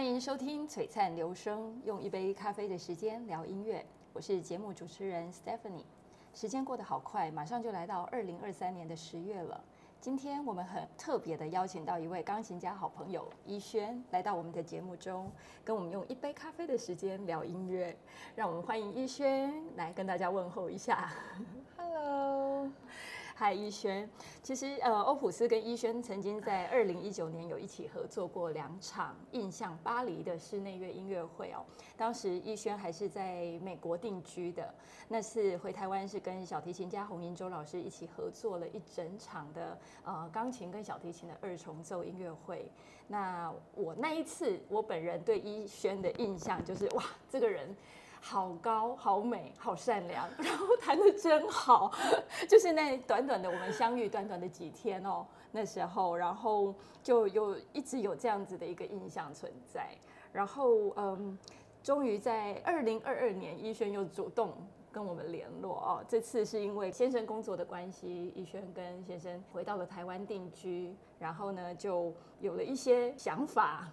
歡迎收聽《璀璨流聲》，用一杯咖啡的時間聊音樂。我是節目主持人 Stephanie。時間過得好快，馬上就來到二零二三年的十月了。今天我們很特別的邀請到一位鋼琴家好朋友伊萱來到我們的節目中，跟我們用一杯咖啡的時間聊音樂。讓我們歡迎伊萱來跟大家問候一下。Hello。嗨，伊萱。其實，呃，歐普斯跟伊萱曾經在二零一九年有一起合作過兩場映相‧巴黎的室內樂音樂會哦。當時伊萱還是在美國定居的，那次回台灣是跟小提琴家洪寅洲老師一起合作了一整場的呃鋼琴跟小提琴的二重奏音樂會。那我那一次，我本人對伊萱的印象就是，哇，這個人。好高，好美，好善良，然後彈的真好，就是那短短的我們相遇，短短的幾天哦，那時候，然後就又一直有這樣子的一個印象存在，然後嗯，終於在二零二二年，伊萱又主動跟我們聯絡哦。這次是因為先生工作的關係，伊萱跟先生回到了台灣定居，然後呢，就有了一些想法。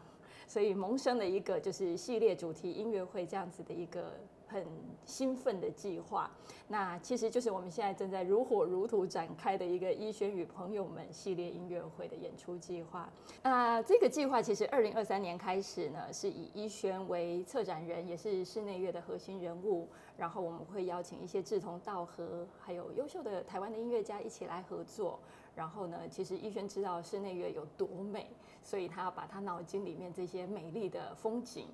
所以萌生了一個就是系列主題音樂會這樣子的一個很興奮的計劃。那其實就是我們現在正在如火如荼展開的一個伊萱與朋友們系列音樂會的演出計劃、呃。那這個計劃其實二零二三年開始呢，是以伊萱為策展人，也是室內樂的核心人物。然後我們會邀請一些志同道合，還有優秀的台灣的音樂家一起來合作。然後呢，其實伊萱知道室內樂有多美。所以他要把他腦筋裡面這些美麗的風景，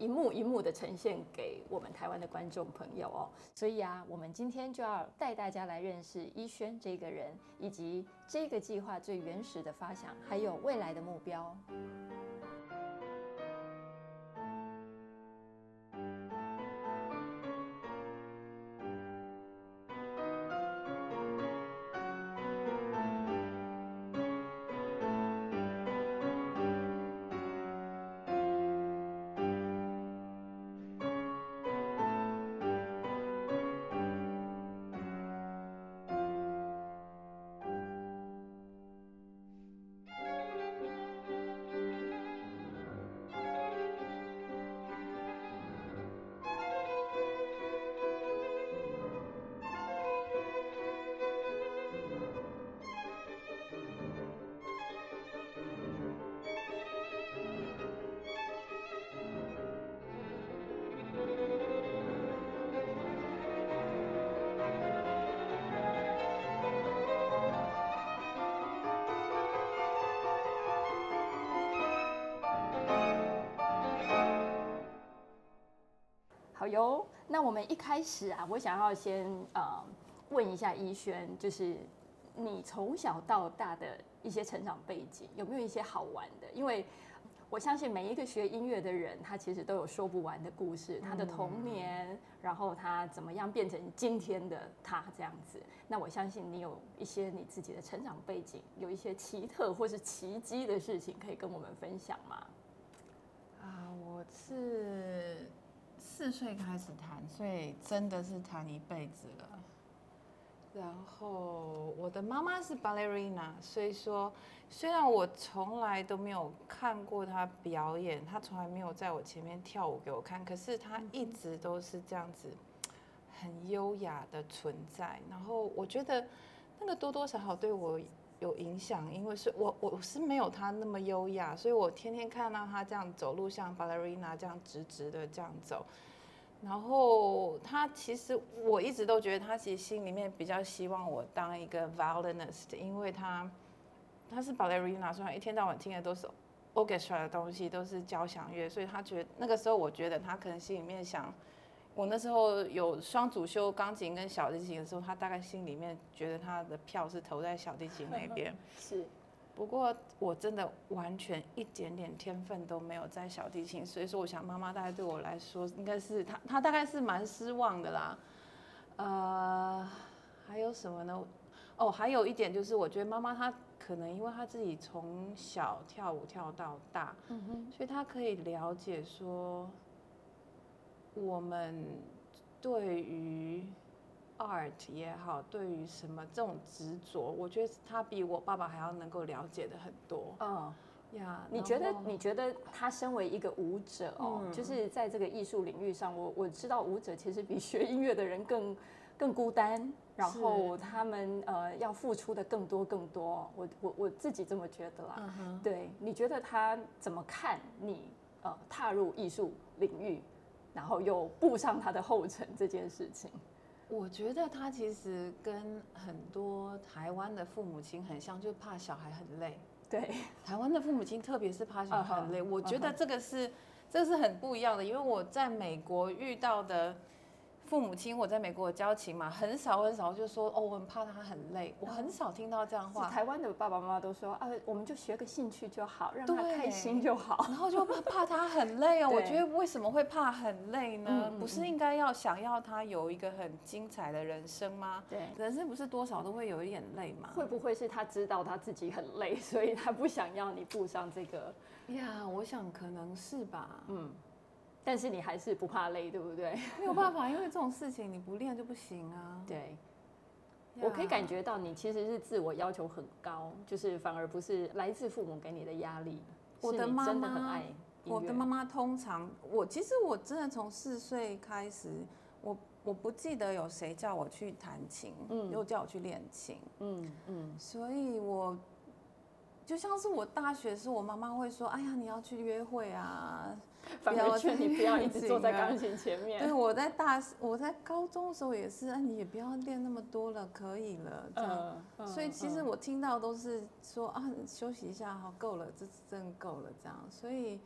一幕一幕的呈現給我們台灣的觀眾朋友哦。所以啊，我們今天就要帶大家來認識伊萱這個人，以及這個計劃最原始的發想，還有未來的目標。嗯。嗯那我們一開始啊，我想要先呃問一下伊萱，就是你從小到大的一些成長背景，有沒有一些好玩的？因為我相信每一個學音樂的人，他其實都有說不完的故事，嗯，他的童年，然後他怎麼樣變成今天的他這樣子。那我相信你有一些你自己的成長背景，有一些奇特或是奇蹟的事情可以跟我們分享嗎？啊，我是。四歲開始彈，所以真的是彈一輩子了。然後我的媽媽是 ballerina，所以說雖然我從來都沒有看過她表演，她從來沒有在我前面跳舞給我看，可是她一直都是這樣子很優雅的存在。然後我覺得那個多多少少好對我。有影響，因為是我，我是沒有他那麼優雅，所以我天天看到他這樣走路，像 ballerina 這樣直直的這樣走。然後他其實我一直都覺得他其實心裡面比較希望我當一個 Violinist，因為他他是 ballerina，所以一天到晚聽的都是 Orchestra 的東西，都是交響樂，所以他覺得那個時候我覺得他可能心裡面想。我那時候有雙主修鋼琴跟小提琴的時候，他大概心裡面覺得他的票是投在小提琴那邊。 是，不過我真的完全一點點天分都沒有在小提琴，所以說我想媽媽大概對我來說應該是她，她大概是蠻失望的啦。呃，還有什麼呢？哦，還有一點就是我覺得媽媽她可能因為她自己從小跳舞跳到大，嗯哼，所以她可以了解說。我們對於 art 也好，對於什麼這種執着，我覺得他比我爸爸還要能夠了解的很多。嗯，呀、yeah，你覺得？你覺得他身為一個舞者哦，嗯、就是在這個藝術領域上，我我知道舞者其實比學音樂的人更更孤單，然後他們呃要付出的更多更多。我我我自己這麼覺得啦。嗯哼，對，你覺得他怎麼看你、呃、踏入藝術領域？然後又步上他的後塵這件事情，我覺得他其實跟很多台灣的父母親很像，就怕小孩很累。對，台灣的父母親，特別是怕小孩很累， 我覺得這個是，這是很不一樣的。因為我在美國遇到的。父母親，我在美國的交情嘛，很少很少，就說哦，我很怕他很累，我很少聽到這樣話。是台灣的爸爸媽媽都說啊，我們就學個興趣就好，讓他開心就好。然後就怕他很累哦， 我覺得為什麼會怕很累呢？嗯、不是應該要想要他有一個很精彩的人生嗎？對，人生不是多少都會有一點累嗎？會不會是他知道他自己很累，所以他不想要你步上這個？呀、yeah，我想可能是吧。嗯。但是你還是不怕累，對不對？沒有辦法，因為這種事情你不練就不行啊。對，yeah. 我可以感覺到你其實是自我要求很高，就是反而不是來自父母給你的壓力。我的媽媽，真的很愛我的媽媽通常，我其實我真的從四歲開始，我我不記得有誰叫我去彈琴，嗯，又叫我去練琴，嗯嗯，所以我就像是我大學時，我媽媽會說：“哎呀，你要去約會啊。”不要勸你不要一直坐在鋼琴前面。啊、對，我在大，我在高中的時候也是，啊，你也不要練那麼多了，可以了，這樣。嗯嗯、所以其實我聽到都是說啊，休息一下，好，夠了，這次真夠了，這樣。所以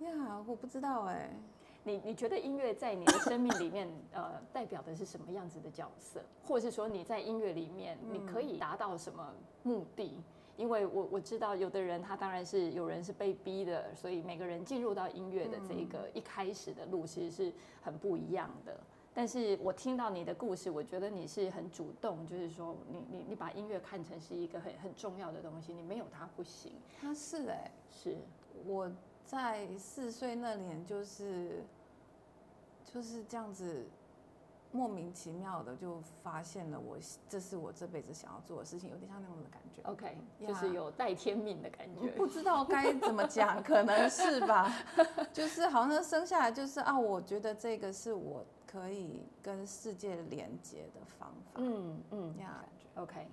呀，我不知道哎、欸，你你覺得音樂在你的生命裡面，呃， 代表的是什麼樣子的角色，或者是說你在音樂裡面你可以達到什麼目的？因為我我知道，有的人他當然是有人是被逼的，所以每個人進入到音樂的這個一開始的路，其實是很不一樣的。嗯、但是我聽到你的故事，我覺得你是很主動，就是說你你你把音樂看成是一個很很重要的東西，你沒有它不行。它是的、欸、是我在四歲那年，就是就是這樣子。莫名其妙的就發現了，我這是我這輩子想要做的事情，有點像那種的感覺。OK，yeah. 就是有帶天命的感覺，我不知道該怎麼講， 可能是吧， 就是好像生下來就是啊，我覺得這個是我可以跟世界連接的方法。嗯嗯，這、yeah. 樣 OK，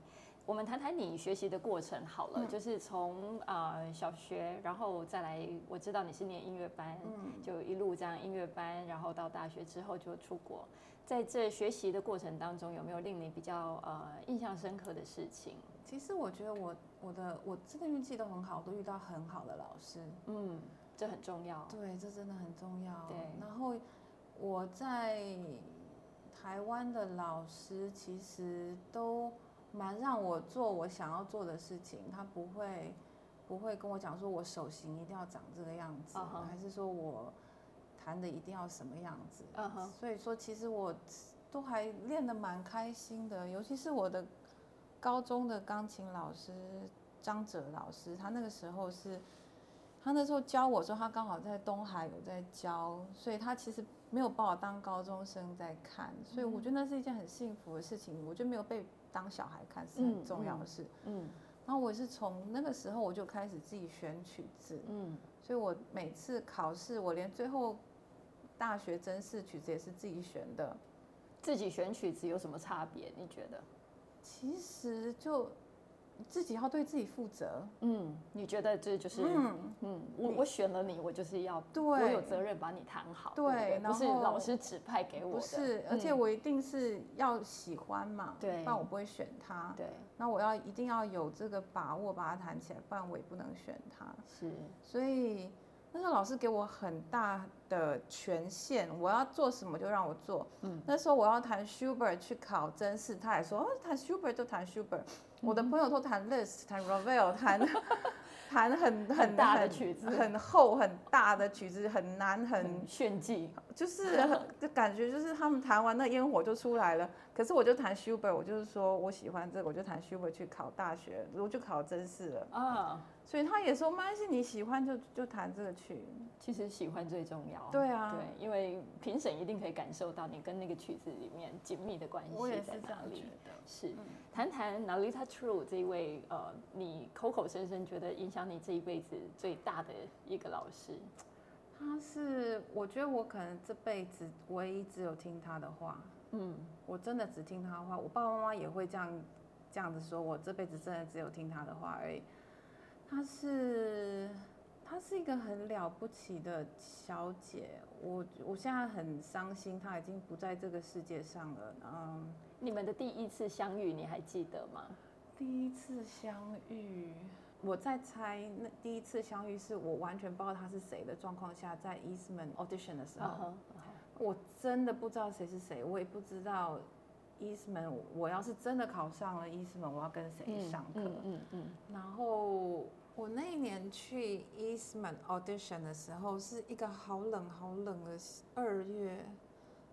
我們談談你學習的過程好了，嗯、就是從啊、呃、小學，然後再來，我知道你是念音樂班、嗯，就一路這樣音樂班，然後到大學之後就出國。在這學習的過程當中，有沒有令你比較呃印象深刻的事情？其實我覺得我我的我真的運氣都很好，我都遇到很好的老師。嗯，這很重要。對，這真的很重要。對，然後我在台灣的老師其實都蠻讓我做我想要做的事情，他不會不會跟我講說，我手型一定要長這個樣子，Uh-huh. 還是說我。男的一定要什麼樣子？Uh-huh. 所以說其實我都還練得蠻開心的，尤其是我的高中的鋼琴老師張哲老師，他那個時候是，他那時候教我說他剛好在東海有在教，所以他其實沒有把我當高中生在看，所以我覺得那是一件很幸福的事情，我覺得沒有被當小孩看是很重要的事。嗯，嗯，然後我也是從那個時候我就開始自己選曲子，嗯，所以我每次考試我連最後。大學甄試曲子也是自己選的，自己選曲子有什麼差別？你覺得？其實就自己要對自己負責。嗯，你覺得這就是？嗯嗯，我我選了你，我就是要我有責任把你彈好對，對不對？然後，不是老師指派給我的。不是，而且我一定是要喜歡嘛，對，嗯、不然我不會選它。對，那我要一定要有這個把握把它彈起來，不然我也不能選它。是，所以。那時候老師給我很大的權限，我要做什麼就讓我做。嗯，那時候我要彈 Schubert 去考真試，他也說，哦，彈 Schubert 就彈 Schubert，嗯、我的朋友都彈 Liszt 彈 Ravel，彈 彈很很，很，很大的曲子，很厚很大的曲子，很難，很，很炫技，就是就感覺就是他們彈完那煙火就出來了。可是我就彈 Schubert，我就是說我喜歡這個，我就彈 Schubert 去考大學，我就考真試了。啊。所以他也說，媽是你喜歡就就彈這個曲。其實喜歡最重要。對啊。對，因為評審一定可以感受到你跟那個曲子裡面緊密的關係在哪裡。我也是這樣覺得。是，談談 Nelita True 這一位，呃，你口口聲聲覺得影響你這一輩子最大的一個老師，他是，我覺得我可能這輩子唯一只有聽他的話。嗯，我真的只聽他的話。我爸爸媽媽也會這樣這樣子說我，我這輩子真的只有聽他的話而已。她是，她是一個很了不起的小姐。我我現在很傷心，她已經不在這個世界上了。嗯，你們的第一次相遇你還記得嗎？第一次相遇，我在猜。那第一次相遇是我完全不知道她是誰的狀況下，在 Eastman audition 的時候，uh-huh. 我真的不知道誰是誰，我也不知道 Eastman。我要是真的考上了 Eastman，我要跟誰去上課？嗯嗯嗯，嗯，然後。我那一年去 Eastman audition 的時候，是一個好冷好冷的二月，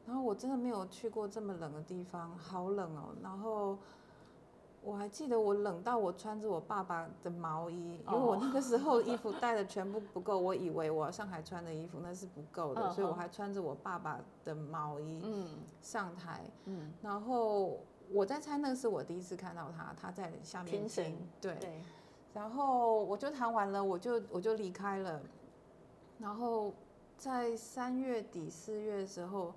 然後我真的沒有去過這麼冷的地方，好冷哦、喔。然後我還記得我冷到我穿着我爸爸的毛衣，因為我那個時候衣服帶的全部不夠，我以為我要上台穿的衣服那是不夠的，所以我還穿着我爸爸的毛衣上台。嗯，然後我在猜，那個是我第一次看到他，他在下面評審。對。然後我就談完了，我就我就離開了。然後在三月底四月的時候，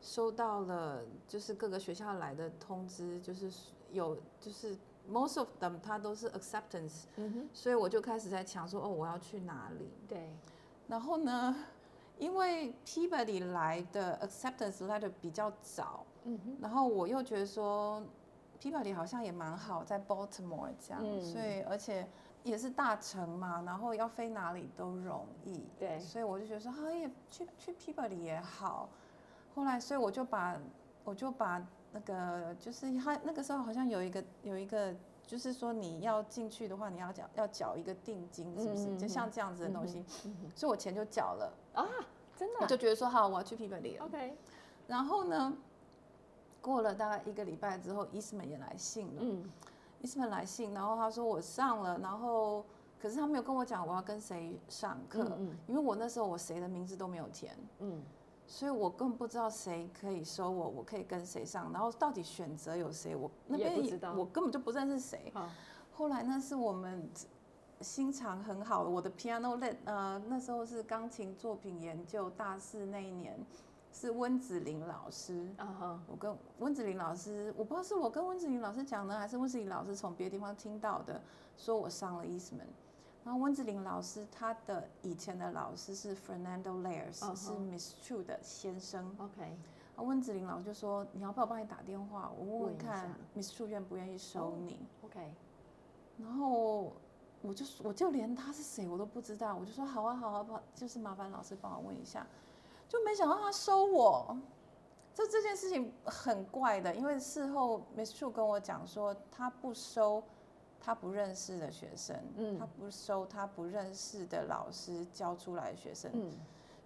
收到了就是各個學校來的通知，就是有就是 most of them 它都是 acceptance，嗯哼，所以我就開始在想說，哦，我要去哪裡？對。然後呢，因為 Peabody 來的 acceptance letter 比較早，嗯哼，然後我又覺得說。Peabody 好像也蠻好，在 Baltimore 這樣，嗯，所以而且也是大城嘛，然後要飛哪裡都容易，對，所以我就覺得說，哦也，去去 Peabody 也好。後來，所以我就把我就把那個就是他那個時候好像有一個有一個就是說你要進去的話，你要繳要繳一個定金，是不是，嗯？就像這樣子的東西，嗯、所以我錢就繳了啊，真的、啊。我就覺得說好，我要去 Peabody 了。OK，然後呢？過了大概一個禮拜之後 Eastman 也來信了。嗯 Eastman 來信，然後他說我上了，然後可是他沒有跟我講我要跟誰上課，嗯嗯，因為我那時候我誰的名字都沒有填。嗯，所以我更不知道誰可以收我，我可以跟誰上，然後到底選擇有誰，我那邊也不知道，我根本就不認識誰。後來呢，是我們心腸很好的，我的 Piano Lit，呃，那時候是鋼琴作品研究大四那一年。是溫子玲老師，uh -huh. 我跟溫子玲老師，我不知道是我跟溫子玲老師講呢，還是溫子玲老師從別的地方聽到的，說我上了 e a s t m a n，然後溫子玲老師他的以前的老師是 Fernando Laires、uh -huh. 是 Mr. t r u 的先生。OK。啊，溫子玲老師就說你要不要幫你打電話，我問問看 Mr. t r u 願不願意收你。Uh -huh. OK。然後我就我就連他是誰我都不知道，我就說好啊好啊，就是麻煩老師幫我問一下。就沒想到他收我，就這件事情很怪的。因為事後 Ms. True 跟我講說，他不收他不認識的學生，嗯，他不收他不認識的老師教出來的學生，嗯，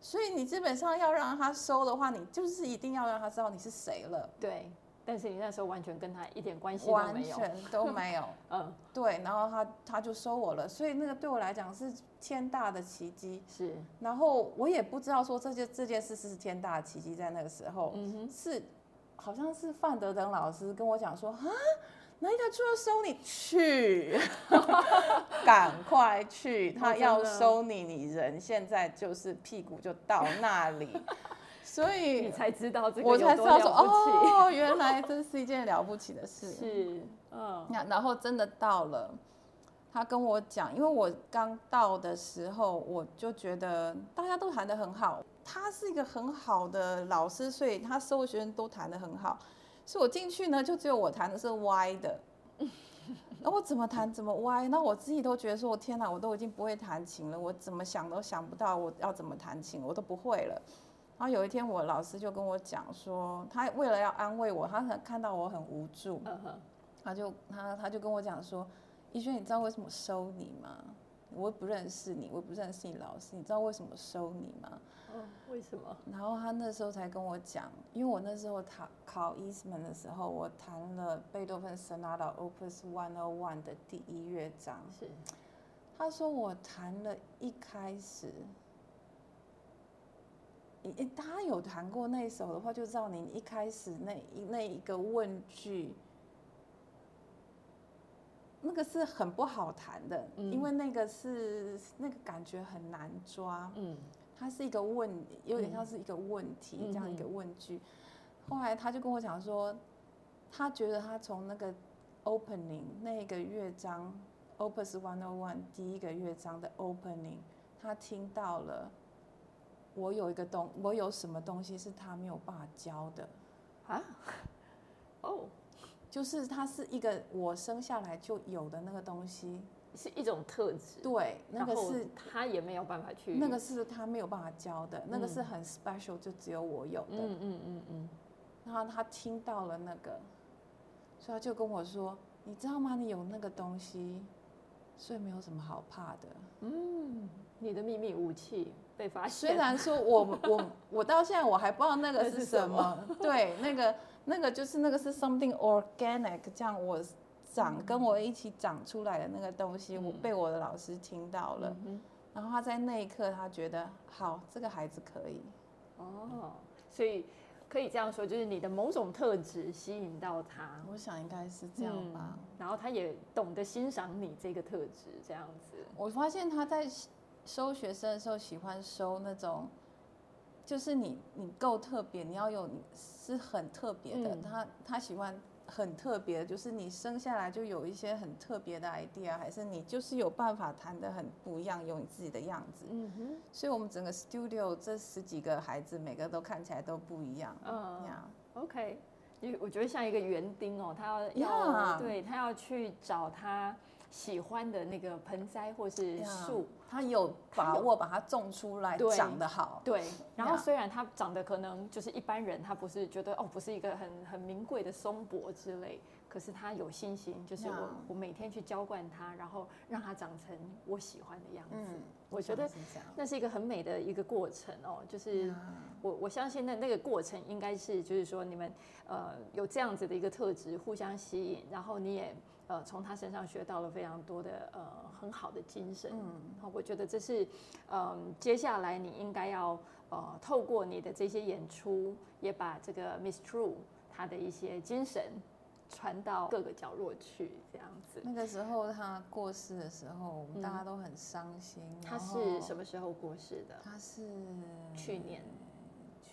所以你基本上要讓他收的話，你就是一定要讓他知道你是誰了，對。但是你那時候完全跟他一點關係都沒有，完全都沒有。嗯， 對。然後他他就收我了，所以那個對我來講是天大的奇蹟。是。然後我也不知道說這件這件事是天大的奇蹟，在那個時候，嗯哼，是好像是范德登老師跟我講說啊，哪一家出了收你去，趕 快去，他要收你，你人現在就是屁股就到那裡。 所以你才知道這個，我才知道說哦，原來真是一件了不起的事。 是，嗯、哦。那然後真的到了，他跟我講。因為我剛到的時候，我就覺得大家都彈的很好。他是一個很好的老師，所以他收的學生都彈的很好。所以我進去呢，就只有我彈的是歪的。那我怎麼彈怎麼歪，那我自己都覺得說，天哪，我都已經不會彈琴了。我怎麼想都想不到我要怎麼彈琴，我都不會了。然、啊、後有一天，我老師就跟我講說，他為了要安慰我，他很看到我很無助，uh -huh. 他就他他就跟我講說，伊萱， 你知道為什麼收你嗎？我不認識你，我不認識你老師，你知道為什麼收你嗎？Oh, 為什麼？然後他那時候才跟我講，因為我那時候考考 Eastman 的時候，我彈了貝多芬《Sonata Opus 101》的第一樂章，是，他說我彈了一開始。你他有彈過那首的話，就知道你一開始那那一個問句，那個是很不好彈的，嗯，因為那個是那個感覺很難抓。嗯，它是一個問，有點像是一個問題，嗯，這樣一個問句。嗯，後來他就跟我講說，他覺得他從那個 opening 那個樂章，opus one o one 第一個樂章的 opening，他聽到了。我有一個東西，我有什麼東西是他沒有辦法教的，啊？哦，oh，就是它是一個我生下來就有的那個東西，是一種特質。對，那個是他也沒有辦法去。那個是他沒有辦法教的，嗯、那個是很 special，就只有我有的。嗯嗯嗯嗯，然後他聽到了那個，所以他就跟我說：“你知道嗎？你有那個東西，所以沒有什麼好怕的。嗯，你的秘密武器。”雖然說我，我我我到現在我還不知道那個是什麼， 什麼？對，那個那個就是那個是 something organic，這樣我長、嗯、跟我一起長出來的那個東西，嗯、我被我的老師聽到了、嗯，然後他在那一刻他覺得好，這個孩子可以哦，所以可以這樣說，就是你的某種特質吸引到他，我想應該是這樣吧、嗯，然後他也懂得欣賞你這個特質，這樣子，我發現他在。收學生的時候喜歡收那種，就是你你夠特別，你要有是很特別的，嗯、他他喜歡很特別，就是你生下來就有一些很特別的 idea，還是你就是有辦法彈得很不一樣，有你自己的樣子。嗯哼，所以我們整個 studio 這十幾個孩子，每個都看起來都不一樣。嗯，OK，因為我覺得像一個園丁哦，他要、要，要、Yeah. 對，他要去找他喜歡的那個盆栽或是樹。Yeah. 他有把握把它種出來，長得好。對，對，然後雖然它長得可能就是一般人，他不是覺得哦，不是一個很很名貴的松柏之類，可是他有信心，就是我我每天去澆灌它，然後讓它長成我喜歡的樣子。我覺得那是一個很美的一個過程哦，就是我我相信那那個過程應該是就是說你們呃有這樣子的一個特質互相吸引，然後你也。呃，從他身上學到了非常多的呃很好的精神，嗯，我覺得這是嗯，呃，接下來你應該要呃透過你的這些演出，也把這個 Miss True 他的一些精神傳到各個角落去，這樣子。那個時候他過世的時候，我們大家都很傷心。嗯，他是什麼時候過世的？他是去年，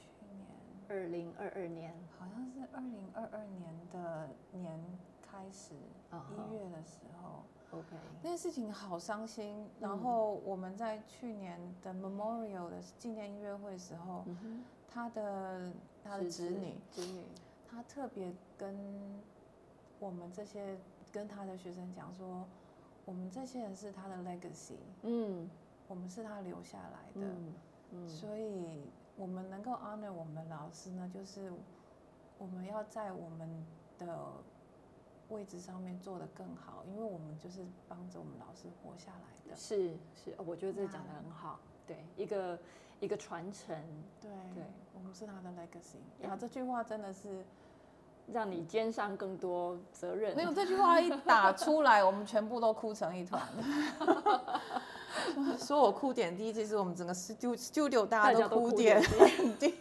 去年二零二二年，好像是二零二二年的年，開始一月的時候，OK，那件事情好傷心。然後我們在去年的 Memorial 的紀念音樂會時候，嗯、他的他的子女子女，他特別跟我們這些跟他的學生講說，我們這些人是他的 legacy，嗯，我們是他留下來的，嗯，所以我們能夠 honor 我們老師呢，就是我們要在我們的位置上面做的更好，因為我們就是幫着我們老師活下來的。是是，我覺得這講的很好。對，一個一個傳承。對對，我們是他的 legacy。然後、啊、這句話真的是讓你肩上更多責任。嗯、沒有這句話一打出來， 我們全部都哭成一團。 說我哭點低，第其實我們整個 studio studio 大家都哭點低。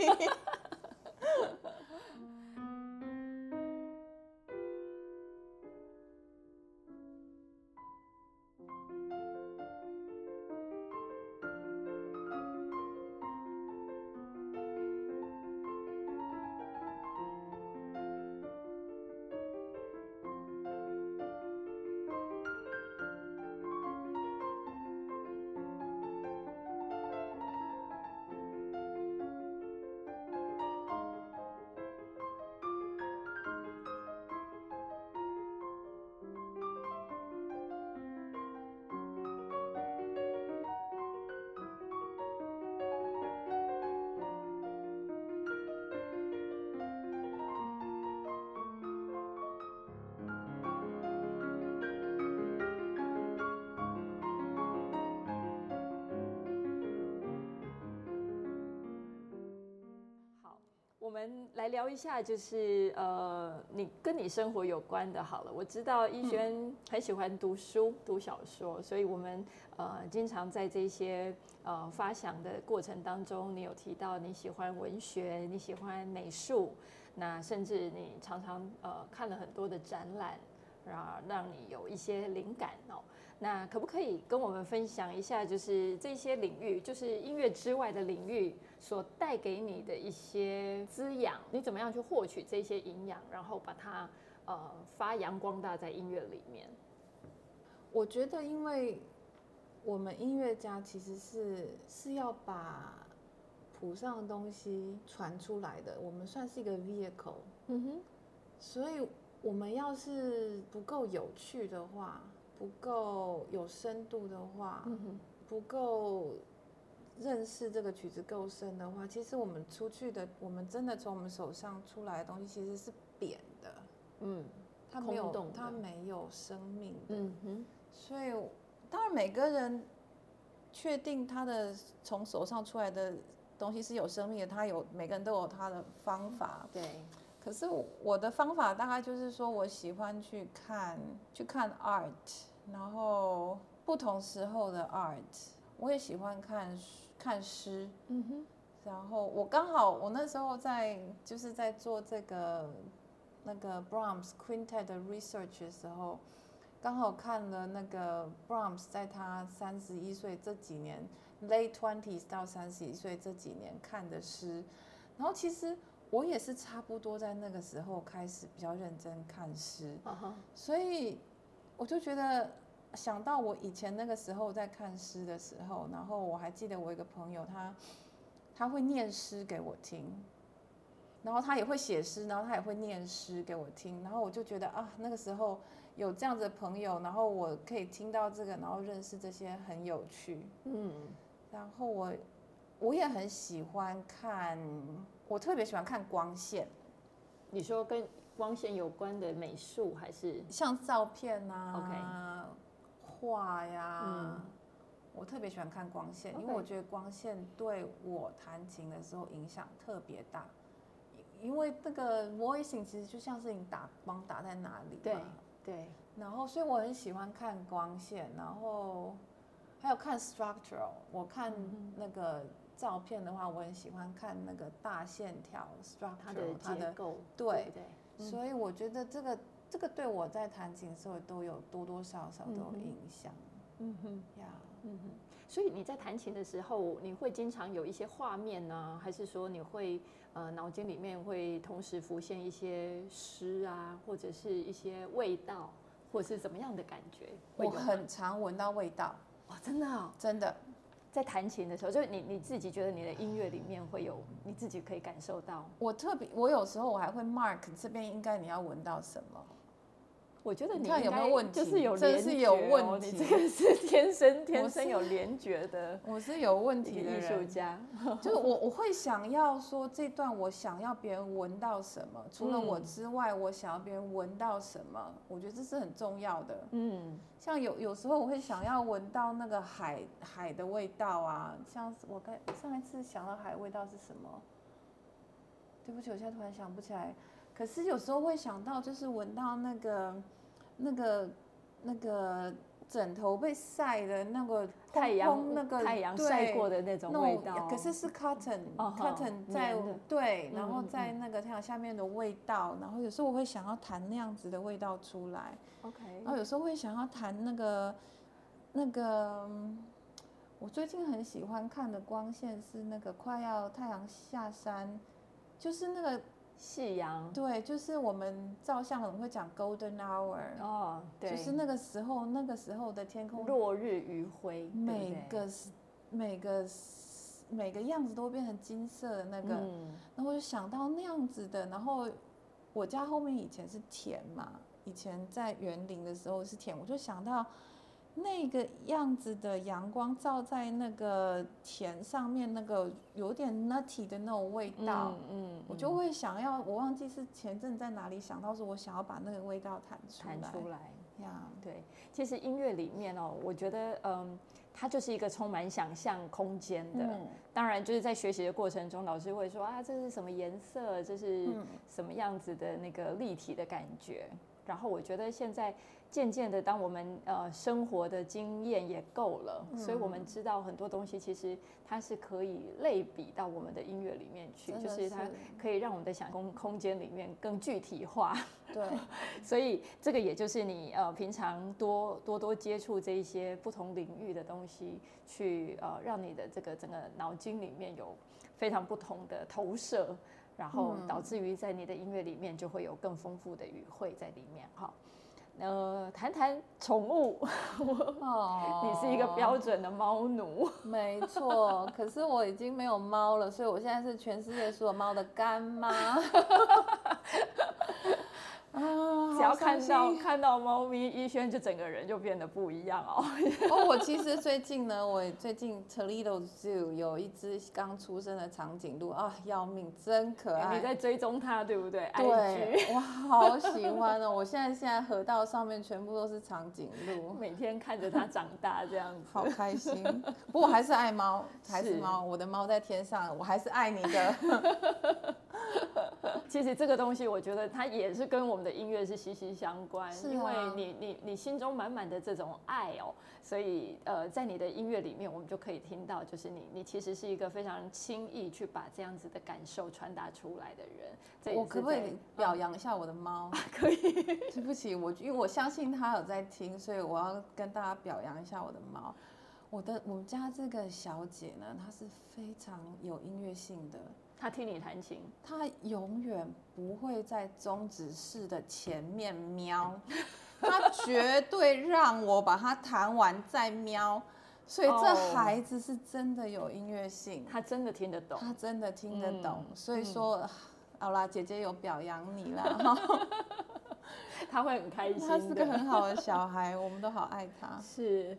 我們來聊一下，就是呃，你跟你生活有關的。好了，我知道伊萱很喜歡讀書、讀小說，所以我們呃經常在這些呃發想的過程當中，你有提到你喜歡文學，你喜歡美術，那甚至你常常呃看了很多的展覽，然後讓你有一些靈感。那可不可以跟我們分享一下，就是這些領域，就是音樂之外的領域所帶給你的一些滋養？你怎麼樣去獲取這些營養，然後把它呃發揚光大在音樂裡面？我覺得，因為我們音樂家其實是是要把譜上的東西傳出來的，我們算是一個 vehicle。嗯哼，所以我們要是不夠有趣的話。不夠有深度的話，嗯、不夠認識這個曲子夠深的話，其實我們出去的，我們真的從我們手上出來的東西其實是扁的，嗯，他沒有，他沒有生命的，嗯哼。所以當然每個人確定他的從手上出來的東西是有生命的，他有每個人都有他的方法，嗯、對。可是我的方法大概就是說，我喜歡去看去看 art，然後不同時候的 art，我也喜歡看看詩，嗯哼，然後我剛好我那時候在就是在做這個那個 Brahms Quintet 的 research 的時候，剛好看了那個 Brahms 在他三十一歲這幾年 late twenties 到三十一歲這幾年看的詩，然後其實。我也是差不多在那個時候開始比較認真看詩，Uh-huh. 所以我就覺得想到我以前那個時候在看詩的時候，然後我還記得我一個朋友他他會念詩給我聽，然後他也會寫詩，然後他也會念詩給我聽，然後我就覺得啊，那個時候有這樣子的朋友，然後我可以聽到這個，然後認識這些很有趣，嗯、Mm-hmm. 然後我。我也很喜歡看，我特別喜歡看光線。你說跟光線有關的美術還是像照片啊、畫、okay. 呀、啊？嗯，我特別喜歡看光線，okay. 因為我覺得光線對我彈琴的時候影響特別大。因為這個 voicing 其實就像是你打光打在哪裡，對對。然後，所以我很喜歡看光線，然後還有看 structural，我看那個。嗯照片的話，我很喜歡看那個大線條 structure 它的結構，對對，嗯，所以我覺得這個這個對我在彈琴的時候都有多多少少都有影響，嗯哼呀，yeah. 嗯哼，所以你在彈琴的時候，你會經常有一些畫面呢？還是說你會呃、腦筋裡面會同時浮現一些詩啊，或者是一些味道，或者是怎麼樣的感覺？我很常聞到味道，哇，哦，真的，哦、真的。在彈琴的時候，就是你你自己覺得你的音樂裡面會有你自己可以感受到。我特別，我有時候我還會 mark 這邊，應該你要聞到什麼？我覺得你看有沒有問題，就是有、哦，真的是有問題，這個是。天生天生有聯覺的，的我，我是有問題的藝術家， 就是我我會想要說，這段，我想要別人聞到什麼，除了我之外，嗯、我想要別人聞到什麼，我覺得這是很重要的。嗯，像有有時候我會想要聞到那個海海的味道啊，像我剛上一次想到海味道是什麼，對不起，我現在突然想不起來。可是有時候會想到，就是聞到那個那個那個。那個枕頭被曬的那個轟轟、那個、太陽，那個太陽曬過的那種味道。可是是 cotton，cotton、uh-huh，在對，然後在那個太陽下面的味道。嗯、然後有時候我會想要彈那樣子的味道出來。OK。然後有時候會想要彈那個那個，我最近很喜歡看的光線是那個快要太陽下山，就是那個。夕陽，對，就是我們照相我們會講 golden hour，哦、oh，對，就是那個時候，那個時候的天空，落日餘暉，每個對對對，每個每個樣子都變成金色的那個，嗯、然後我就想到那樣子的，然後我家後面以前是田嘛，以前在園林的時候是田，我就想到。那個樣子的陽光照在那個田上面，那個有點 nutty 的那種味道，嗯，嗯，我就會想要，我忘記是前陣在哪裡想到，是我想要把那個味道彈出彈出來呀。Yeah. 對，其實音樂裡面哦，我覺得嗯，它就是一個充滿想象空間的。嗯，當然，就是在學習的過程中，老師會說啊，這是什麼顏色，這是什麼樣子的那個立體的感覺。嗯然後我覺得現在漸漸的，當我們呃生活的經驗也夠了、嗯，所以我們知道很多東西其實它是可以類比到我們的音樂裡面去，是就是它可以讓我們的想空空間裡面更具體化。對， 所以這個也就是你呃平常多多多接觸這一些不同領域的東西去，去呃讓你的這個整個腦筋裡面有非常不同的投射。然後導致於在你的音樂裡面就會有更豐富的語彙在裡面哈，呃，談談寵物， 哦、 你是一個標準的貓奴，沒錯， 可是我已經沒有貓了，所以我現在是全世界所有貓的乾媽。 啊！只要看到看到貓咪，伊萱就整個人就變得不一樣哦。哦， 我其實最近呢，我最近 Toledo Zoo 有一只剛出生的長頸鹿啊，要命，真可愛。欸、你在追蹤它，對不對？IG。哇， 我好喜歡哦！我現在現在河道上面全部都是長頸鹿，每天看着它長大，這樣子 好開心。不過我還是愛貓是，還是貓，我的貓在天上，我還是愛你的。 其實這個東西，我覺得它也是跟我們的。音樂是息息相關，是啊，因為你你你心中滿滿的這種愛哦，所以呃，在你的音樂裡面，我們就可以聽到，就是你你其實是一個非常輕易去把這樣子的感受傳達出來的人。我可不可以表揚一下我的貓？啊，可以， 對不起，我因為我相信他有在聽，所以我要跟大家表揚一下我的貓。我的我們家這個小姐呢，她是非常有音樂性的。他聽你彈琴，他永遠不會在終止式的前面喵。他絕對讓我把他彈完再喵。所以這孩子是真的有音樂性、哦，他真的聽得懂，他真的聽得懂，嗯、所以說、嗯，好啦，姐姐有表揚你啦， 他會很開心，他是個很好的小孩， 我們都好愛他，是，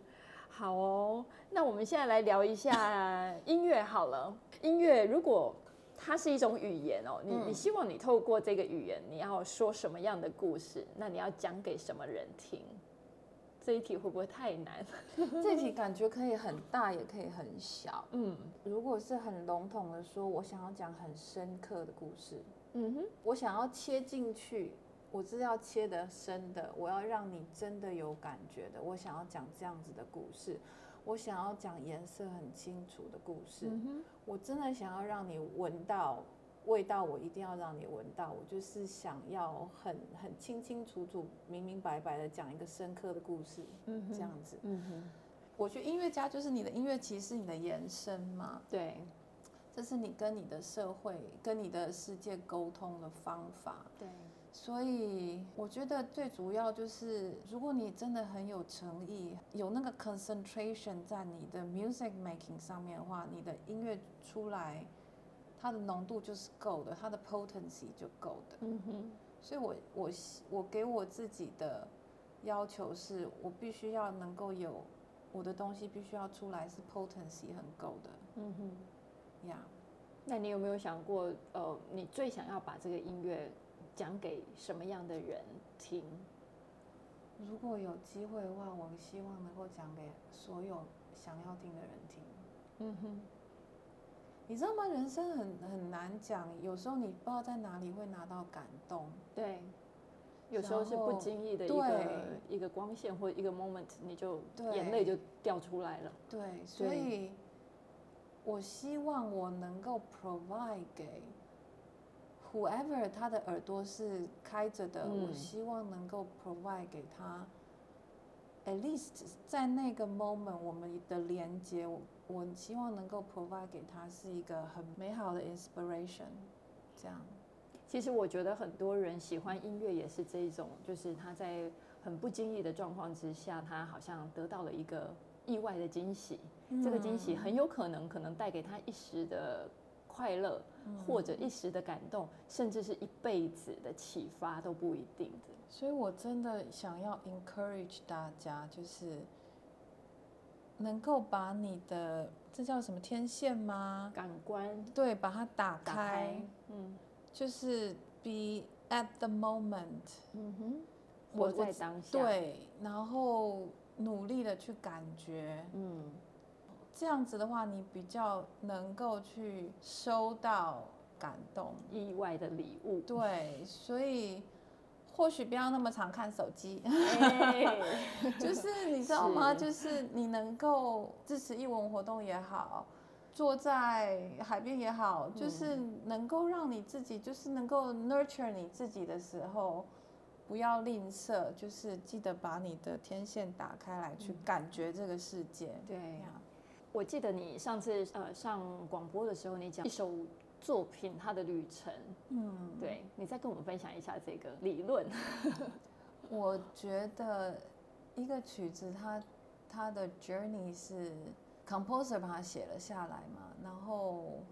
好哦，那我們現在來聊一下音樂好了， 音樂如果。它是一種語言哦，你你希望你透過這個語言，你要說什麼樣的故事？那你要講給什麼人聽？這一題會不會太難？這題感覺可以很大，也可以很小。嗯，如果是很籠統的說，我想要講很深刻的故事。嗯哼，我想要切進去，我是要切得深的，我要讓你真的有感覺的，我想要講這樣子的故事。我想要講顏色很清楚的故事，嗯、我真的想要讓你聞到味道，我一定要讓你聞到，我就是想要很很清清楚楚、明明白白的講一個深刻的故事，嗯、這樣子、嗯。我覺得音樂家就是你的音樂，其實是你的延伸嘛，對，這是你跟你的社會、跟你的世界溝通的方法，對。所以我覺得最主要就是，如果你真的很有誠意，有那個 concentration 在你的 music making 上面的話，你的音樂出來，它的濃度就是夠的，它的 potency 就夠的。嗯哼。所以我，我我我給我自己的要求是，我必須要能夠有我的東西，必須要出來是 potency 很夠的。嗯哼。呀。Yeah，那你有沒有想過，呃，你最想要把這個音樂？講給什麼樣的人聽？如果有機會的話，我們希望能夠講給所有想要聽的人聽。嗯哼，你知道嗎？人生很很難講，有時候你不知道在哪裡會拿到感動。對，有時候是不經意的一個一個光線或者一個 moment，你就眼淚就掉出來了。對，對，所以我希望我能夠 provide 給。Whoever 他的耳朵是開着的，嗯，我希望能夠 provide 給他，at least 在那個 moment 我們的連接，我我希望能夠 provide 給他是一個很美好的 inspiration，這樣。其實我覺得很多人喜歡音樂也是這一種，就是他在很不經意的狀況之下，他好像得到了一個意外的驚喜，嗯，這個驚喜很有可能可能帶給他一時的。快樂，或者一時的感動，嗯、甚至是一輩子的啟發都不一定的。所以我真的想要 encourage 大家，就是能夠把你的這叫什麼天線嗎？感官。對，把它打開。打開就是 be at the moment。嗯哼。活在當下。對，然後努力的去感覺。嗯。這樣子的話，你比較能夠去收到感動、意外的禮物。對，所以或許不要那麼常看手機。欸、 就是你知道嗎？是就是你能夠支持藝文活動也好，坐在海邊也好，就是能夠讓你自己，就是能夠 nurture 你自己的時候，不要吝嗇，就是記得把你的天線打開來，嗯、去感覺這個世界。對呀。我記得你上次呃上廣播的時候，你講一首作品它的旅程，嗯，嗯，對，你再跟我們分享一下這個理論，嗯。 我覺得一個曲子它它的 journey 是 composer 把它寫了下來嘛，然後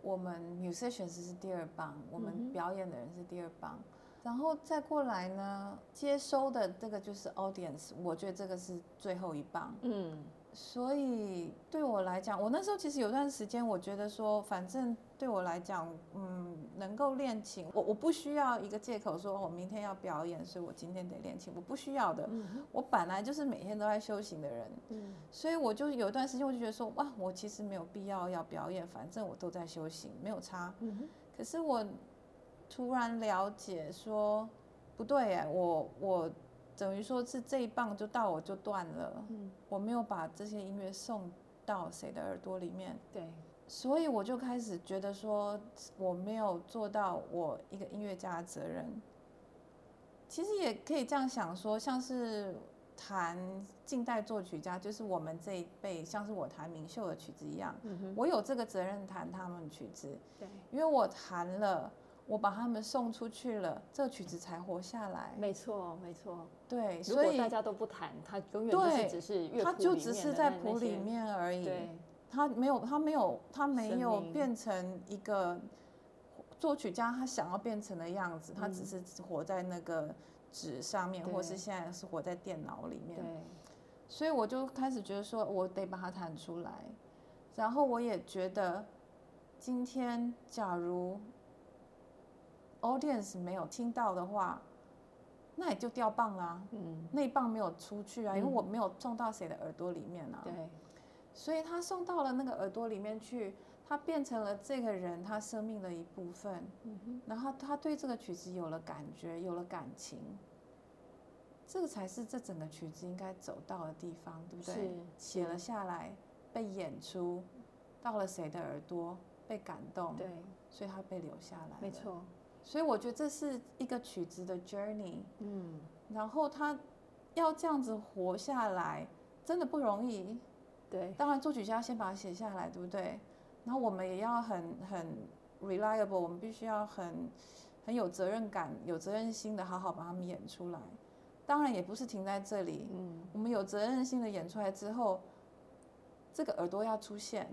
我們 musicians 是第二棒，我們表演的人是第二棒，嗯，然後再過來呢，接收的這個就是 audience，我覺得這個是最後一棒，嗯。所以對我來講，我那時候其實有段時間，我覺得說，反正對我來講，嗯，能夠練琴，我我不需要一個借口說，我明天要表演，所以我今天得練琴，我不需要的。我本來就是每天都在修行的人，嗯，所以我就有一段時間，我就覺得說，哇，我其實沒有必要要表演，反正我都在修行，沒有差，嗯。可是我突然了解說，不對哎，我我。等於說是這一棒就到我就斷了，我沒有把這些音樂送到誰的耳朵裡面。對，所以我就開始覺得說，我沒有做到我一個音樂家的責任。其實也可以這樣想說，像是彈近代作曲家，就是我們這一輩，像是我彈明秀的曲子一樣，我有這個責任彈他們的曲子。對，因為我彈了。我把他們送出去了，這曲子才活下來。嗯、沒錯，沒錯。對，所以，如果大家都不彈，它永遠就是只是樂譜裡面。對，它就只是在譜裡面而已。他它沒有，它沒有，它沒有變成一個作曲家他想要變成的樣子。嗯、它只是活在那個紙上面，或是現在是活在電腦裡面。所以我就開始覺得說，我得把它彈出來。然後我也覺得，今天假如。Audience 沒有聽到的話，那也就掉棒啦、啊。嗯，那一棒沒有出去啊，嗯、因為我沒有送到誰的耳朵裡面啊。對。所以他送到了那個耳朵裡面去，他變成了這個人他生命的一部分。嗯哼。然後他,他對這個曲子有了感覺，有了感情，這個才是這整個曲子應該走到的地方，對不對？是。寫了下來，嗯、被演出到了誰的耳朵，被感動。對。所以他被留下來。沒錯。所以我覺得這是一個曲子的 journey，嗯，然後他要這樣子活下來，真的不容易，對。當然作曲家先把它寫下來，對不對？然後我們也要很很 reliable，我們必須要很很有責任感、有責任心的好好把他們演出來。當然也不是停在這裡，嗯，我們有責任心的演出來之後，這個耳朵要出現。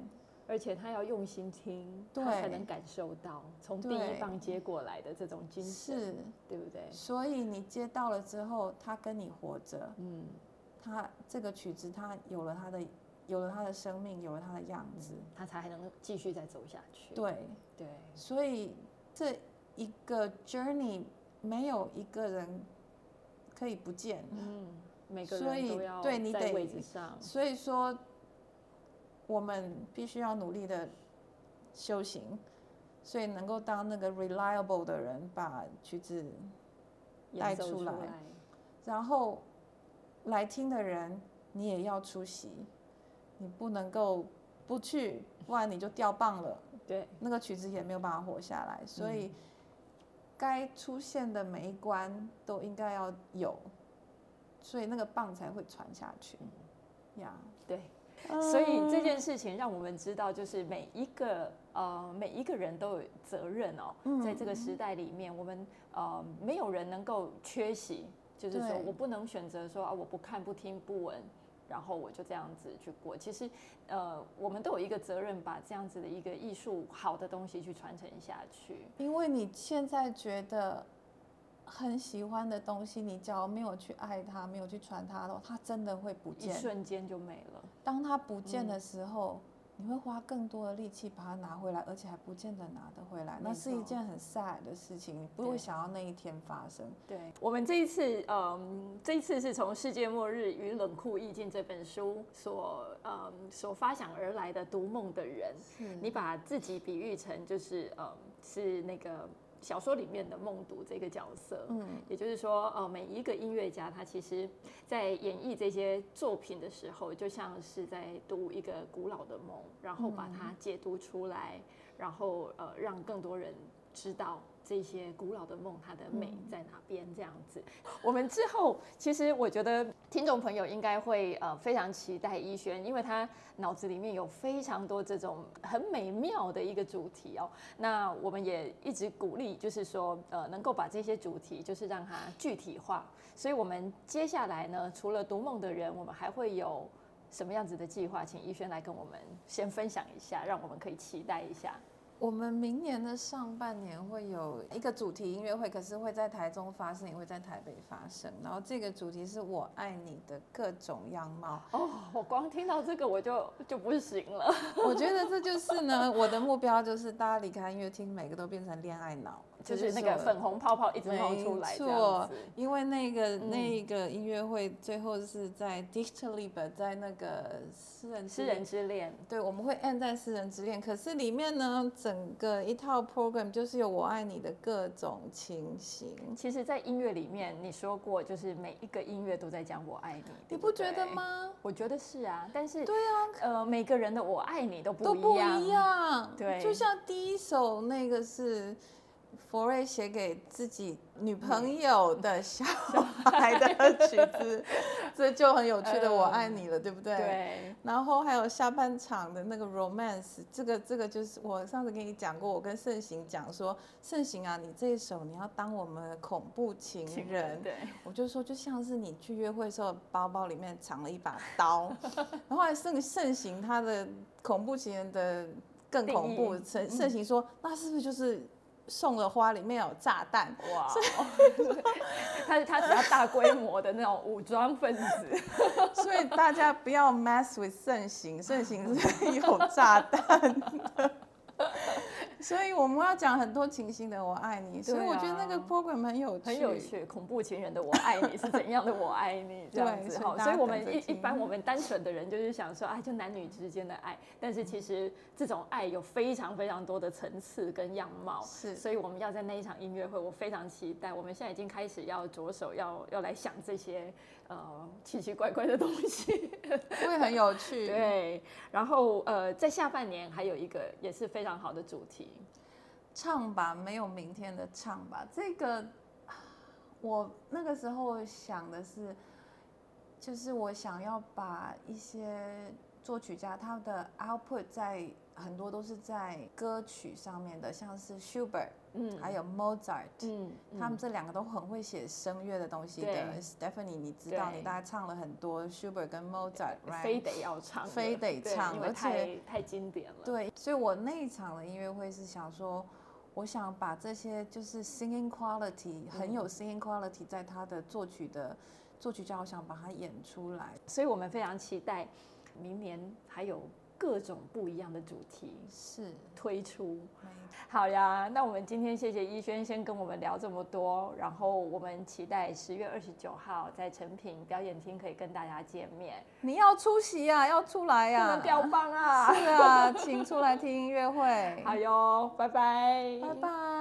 而且他要用心聽，對，他才能感受到從第一棒接過來的這種精神，對是，對不對？所以你接到了之後，他跟你活着，嗯，他這個曲子，他有了他的，有了他的生命，有了他的樣子，嗯，他才能繼續再走下去。對對，所以這一個 journey 沒有一個人可以不見，嗯，每個人都要在位置上，所以，對，你得，所以說。我們必須要努力的修行，所以能夠當那個 reliable 的人，把曲子帶出、出來，然後來聽的人你也要出席，你不能夠不去，不然你就掉棒了。對，那個曲子也沒有辦法活下來。所以該出現的每一關都應該要有，所以那個棒才會傳下去。呀，yeah，對。所以這件事情讓我們知道，就是每一個呃每一個人都有責任哦、嗯，在這個時代裡面，我們呃沒有人能夠缺席。就是說我不能選擇說啊我不看不聽不聞，然後我就這樣子去過。其實呃我們都有一個責任，把這樣子的一個藝術好的東西去傳承下去。因為你現在覺得很喜歡的東西，你只要沒有去愛它，沒有去傳它的話，它真的會不見，一瞬間就沒了。當它不見的時候，嗯、你會花更多的力氣把它拿回來，而且還不見得拿得回來，嗯、那是一件很 sad 的事情，嗯、你不會想要那一天發生。對，對我們這一次，嗯，這一次是從《世界末日與冷酷異境》這本書所，嗯、所發想而來的《讀夢的人》，你把自己比喻成就是，嗯，是那個。小說裡面的夢讀這個角色，嗯，也就是說，呃，每一個音樂家他其實，在演繹這些作品的時候，就像是在讀一個古老的夢，然後把它解讀出來，然後呃，讓更多人知道。這些古老的夢，它的美在哪邊？這樣子，我們之後其實我覺得聽眾朋友應該會呃非常期待伊萱，因為他腦子裡面有非常多這種很美妙的一個主題哦。那我們也一直鼓勵，就是說呃能夠把這些主題就是讓它具體化。所以我們接下來呢，除了讀夢的人，我們還會有什麼樣子的計劃？請伊萱來跟我們先分享一下，讓我們可以期待一下。我們明年的上半年會有一個主題音樂會，可是會在台中發生，也會在台北發生。然後這個主題是我愛你的各種樣貌。哦，oh，我光聽到這個我就就不行了。 我覺得這就是呢，我的目標就是大家離開音樂廳，每個都變成戀愛腦。就是那個粉紅泡泡一直冒出來，沒錯，因為那個那個音樂會最後是在 Dichterliebe 在那個詩人詩人之戀，對，我們會 end 在詩人之戀。可是裡面呢，整個一套 program 就是有我愛你的各種情形。其實，在音樂裡面，你說過，就是每一個音樂都在講我愛你，你不,不覺得嗎？我覺得是啊，但是對啊，呃，每個人的我愛你都不都不一樣，對，就像第一首那個是。佛瑞寫給自己女朋友的小孩的曲子，嗯、 這就很有趣的“嗯、我愛你”了，對不對？對。然後還有下半場的那個《Romance》，這個這個就是我上次跟你講過，我跟盛行講說：“盛行啊，你這一首你要當我們的恐怖情人，情人”對。我就說就像是你去約會的時候，包包裡面藏了一把刀。 然後後來盛盛行他的恐怖情人的更恐怖，盛盛行說：“那是不是就是？”送的花裡面有炸彈哇！他他只要大規模的那種武裝分子， 所以大家不要 mess with 盛行，盛行是有炸彈的。所以我們要講很多情形的“我愛你、啊”，所以我覺得那個 program 很有趣，很有趣。恐怖情人的“我愛你”是怎樣的“我愛你”這樣子？對，所以我們一一般我們單純的人就是想說，哎、啊，就男女之間的愛，但是其實這種愛有非常非常多的層次跟樣貌。是，所以我們要在那一場音樂會，我非常期待。我們現在已經開始要着手要要來想這些。呃，uh，奇奇怪怪的東西， 會很有趣。 對，然後呃，在下半年還有一個也是非常好的主題，唱吧沒有明天的唱吧。這個我那個時候想的是，就是我想要把一些作曲家他的 output 在。很多都是在歌曲上面的，像是 Schubert，嗯，還有 Mozart，嗯，嗯，他們這兩個都很會寫聲樂的東西的。Stephanie，你知道，你大家唱了很多 Schubert 跟 Mozart，right? 非得要唱，非得唱，因為太而且太經典了。對，所以我那一場的音樂會是想說，我想把這些就是 singing quality，很有 singing quality 在他的作曲的作曲家，我想把它演出來。所以，我們非常期待明年還有。各種不一樣的主題是推出、嗯，好呀。那我們今天謝謝伊萱先跟我們聊這麼多，然後我們期待十月二十九號在誠品表演廳可以跟大家見面。你要出席啊，要出來啊，們彪棒啊！啊 是啊，請出來聽音樂會。哎 呦，拜拜，拜拜。